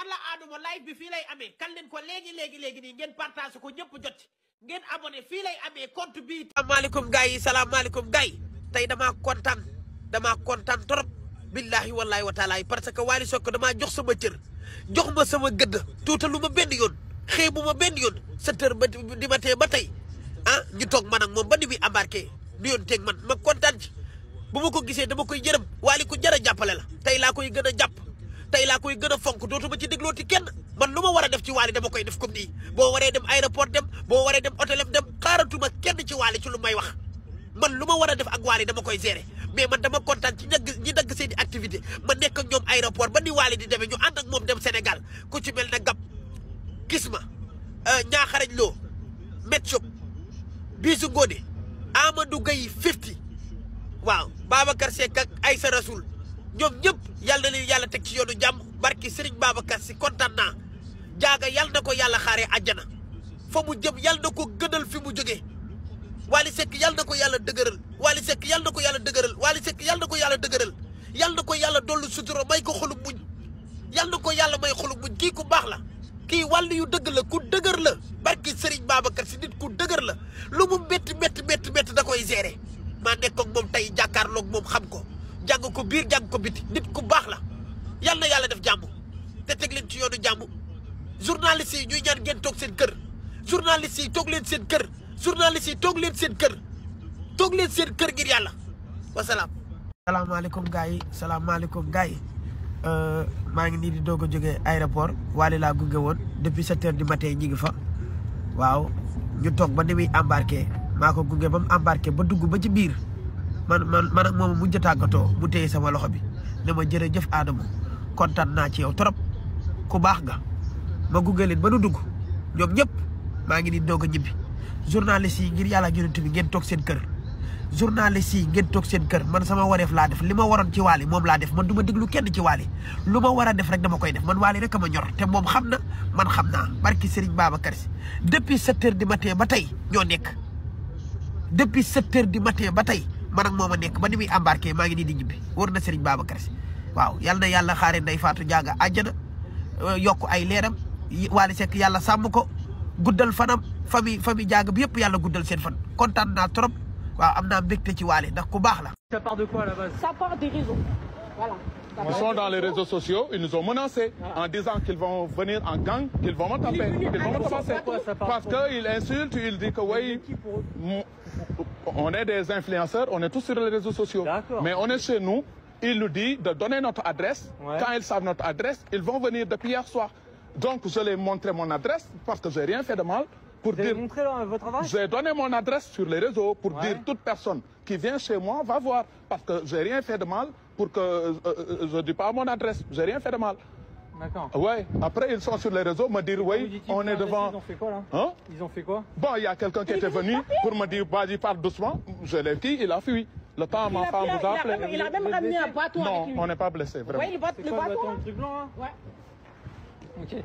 alla aaduma live bi fii lay amee kan leen ko léegi léegi léegi nii ngeen partage ko ñëpp jot ngeen abonné fii lay amee compte bi. salaamaaleykum gars yi salaamaaleykum gars tey damaa kontaan damaa kontaan trop billahi wallahi wa taala parce que Wally ko damaa jox sama cër jox ma sama gëdd tuutalu ma benn yoon xëy bu ma benn yoon sept heures ba di ma tee ba tey ah ñu toog man ak moom ba ni muy embarqué yoon teeg man ma kontaan ci bu ma ko gisee dama koy jërëm Wally ko jar a jàppale la tey laa koy gën a jàpp. tey laa koy gën a fonk dootuma ci déglooti kenn man lu ma war a def ci waali dama koy def comme nii boo waree dem aéroport dem boo waree dem hôtelam dem xaaratuma kenn ci waali ci lu may wax man lu ma war a def ak waali dama koy gérer mais man dama kontaan ci ñagg ñi dagg seen i activité ma nekk ak ñoom aéroport ba ni waali di demee ñu ànd ak moom dem Sénégal ku ci mel na gab gis ma ñaaxarañ euh, loo métshop bisu ngóode Amadou Gaye 50 waaw Babacar Seck ak ay Rasoul ñoom ñëpp yàlla na leen yàlla teg ci yoonu jàmm barki Serigne Babacar si kontaan naa jaaga yal na ko yàlla xaaree àjjana fa mu jëm yal na ko gënal fi mu jóge Wally Seck yàlla na ko yàlla dëgëral Wally Seck yàlla na ko yàlla dëgëral Wally Seck yàlla na ko yàlla dëgëral yàlla ko yàlla dollu sutura may ko xolu muñ yàlla na ko yàlla may xolu muñ kii ku baax la kii wàll yu dëgg la ku dëgër la barki Serigne Babacar si nit ku dëgër la lu mu métti métti métti da koy gérer maa nekk moom tey ko biir jàng ko biti nit ku baax la yal yàlla def jàmm te teg leen ci yoonu jàmm journaliste yi ñuy ñaan ngeen toog seen kër journaliste yi toog leen seen kër journaliste yi toog leen seen kër toog leen sen kër ngir yàlla wasalaam. salaamaaleykum gars yi salaamaaleykum gars yi euh, maa ngi nii di doog a jógee aéroport waale laa gunge woon depuis sept di du matin ñi ngi fa waaw ñu toog ba ni muy embarqué maa ko gunge ba mu ba dugg ba ci biir. man man man ak moom mu mujj tàggatoo mu téye sama loxo bi ne ma jërëjëf Adama kontaan naa ci yow trop ku baax nga ma gunge leen ba nu dugg ñoom ñëpp maa ngi di doog a ñibbi journaliste sii ngir yàlla yonent bi ngeen toog seen kër. journaliste yi ngeen toog seen kër man sama wareef laa def li ma waroon ci waali moom laa def man du ma déglu kenn ci waali lu ma war a def rek dama koy def man waali rek a ma ñor te moom xam na man xam naa barki Serigne Babacar Sy depuis sept heures du matin ba tey ñoo nekk depuis sept heures du ba tey. man ak moom a nekk ba ni muy embarqué maa di ñibbi war na Serigne Babacar Sy waaw yal na yàlla xaare nday faatu jaaga àjjana euh, yokk ay leeram Wally Seck yàlla sàmm ko guddal fanam famille famille jaaga bi yëpp yàlla guddal seen fan kontaan naa trop waaw am naa mbégte ci Wally ndax ku baax la. Ils sont dans les réseaux sociaux, ils nous en disant qu'ils vont venir en gang, qu'ils vont me Parce qu'ils insultent, ils disent que des influenceurs, on est tous sur les réseaux sociaux. Mais on est chez nous, ils nous disent de donner notre adresse. Quand ils savent notre adresse, ils vont que j'ai rien fait de mal pour Vous dire. Montré J'ai donné mon adresse sur les réseaux pour dire toute personne qui vient chez moi va voir parce que j'ai rien fait de mal. pour que euh, euh, je dis pas à mon adresse j'ai rien fait de mal. D'accord. Ouais, après ils sont sur les réseaux me dire oui, on est devant Ils ont fait quoi là Hein Ils ont fait quoi Bon, il y a quelqu'un qui était venu pour me dire vas-y parle doucement, je l'ai dit, il a fui. Le temps ma femme vous a appelé. Il a, il a même ramené un bâton avec lui. Non, on n'est pas blessé vraiment. Oui, le bâton. C'est quoi le bâton, le truc blanc là Ouais. OK.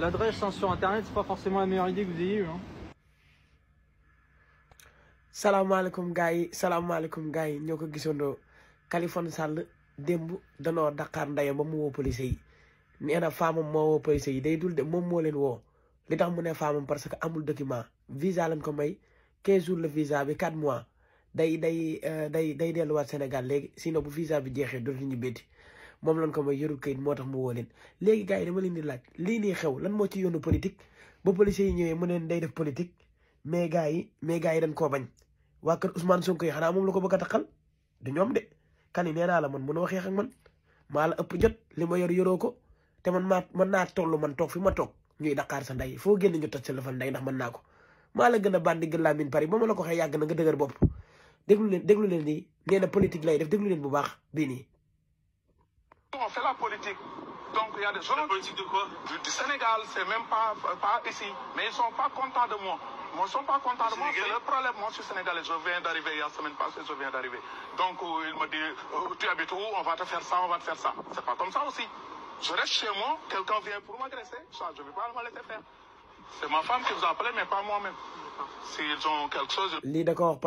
l'adresse hein, sur internet, c'est pas salaamaaleykum gars yi salaamaaleykum gars yi ñoo ko gisandoo Kaliphone Sall démb danoo Dakar ndayam ba mu woo police na faamam moo woo yi day dul de moom moo leen woo li tax mu ne faamam parce que amul document visa lañ ko may 15 jours la visa bi 4 mois day day euh, day day delluwaat Sénégal léegi sinon bu visa bi jeexee dootuñu bétti. moom lañ ko may yorul kayit moo tax mu woo leen léegi gars yi dama leen di laaj lii nii xew lan moo yoonu politique ba policiers yi ñëwee mu neen day def politique mais gars yi mais gars yi dañ koo bañ waa kër Ousmane Sonko yi xanaa moom la ko bëgg a xal du ñoom de kan yi la man mën a waxee ak man maa la ëpp jot li ma yor yoroo ko te man maa mën naa toll man toog fi ma toog ñuy daqaar sa ndey foo génn ñu toj sa ndax mën naa ko maa gën a bandi gën laa min pari ba ma la ko waxee yàgg na nga dëgër bopp déglu leen déglu leen nii nee na politique lay def déglu leen bu baax bii nii on fait la politique. Donc il y a des gens. La politique de quoi Du, Sénégal, c'est même pas, ici. Mais ils sont pas contents de moi. Moi, ils sont pas contents de moi, c'est le problème. je viens d'arriver, il a semaine passée, je viens d'arriver. Donc, euh, il me dit, euh, tu habites où On faire ça, on va faire ça. C'est pas comme ça aussi. Je reste chez moi, quelqu'un vient pour m'agresser, C'est ma femme qui vous a mais pas moi-même. S'ils ont quelque chose. lii da ko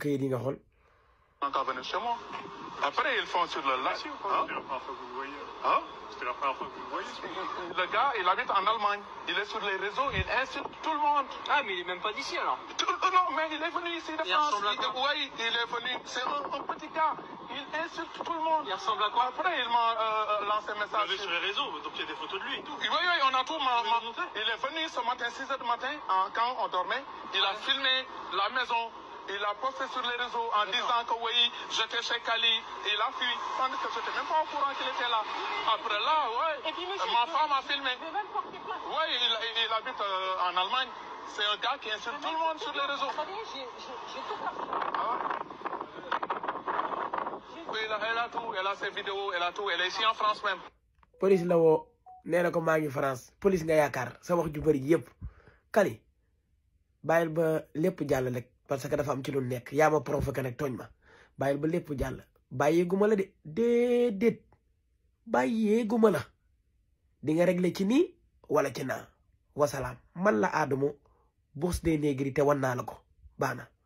que intervenir chez moi. Après, ils font sur le lac. C'était hein? la première fois que vous le voyez. Hein? C'était la première fois que vous le voyez. Le gars, il habite en Allemagne. Il est sur les réseaux, il insulte tout le monde. Ah, mais il n'est même pas d'ici alors. Tout, euh, non, mais il est venu ici de il France. Il, oui, il est venu. C'est un, un, petit gars. Il insulte tout le monde. Il ressemble à quoi Après, il m'a euh, euh lancé un message. Il est sur les réseaux, donc il y a des photos de lui. Tout. Oui, oui, on a tout. Ma, ma... Il est venu ce matin, 6h du matin, hein, quand on dormait. Il ouais. a filmé la maison, Il a posté sur les réseaux en disant que oui, j'étais chez Kali. Il a fui, ma femme a filmé. il, il, habite euh, en Allemagne. C'est un gars qui insulte tout le les réseaux. Ah. Elle a, tout, elle a ses vidéos, elle a tout, elle est ici en France même. police la woo nee na ko maa France police nga yaakaar sa wax ju bëri yëpp Kali bàyyil ba lépp jàll parce que dafa am ci lu nekk yaa ma provoqué nag tooñ ma bàyyil ba lépp jàll bàyyeeguma la de déedéet bàyyeeguma la dinga nga ci nii wala ci naa wasalaam man la Adamo boss des négri te wan naa la ko baana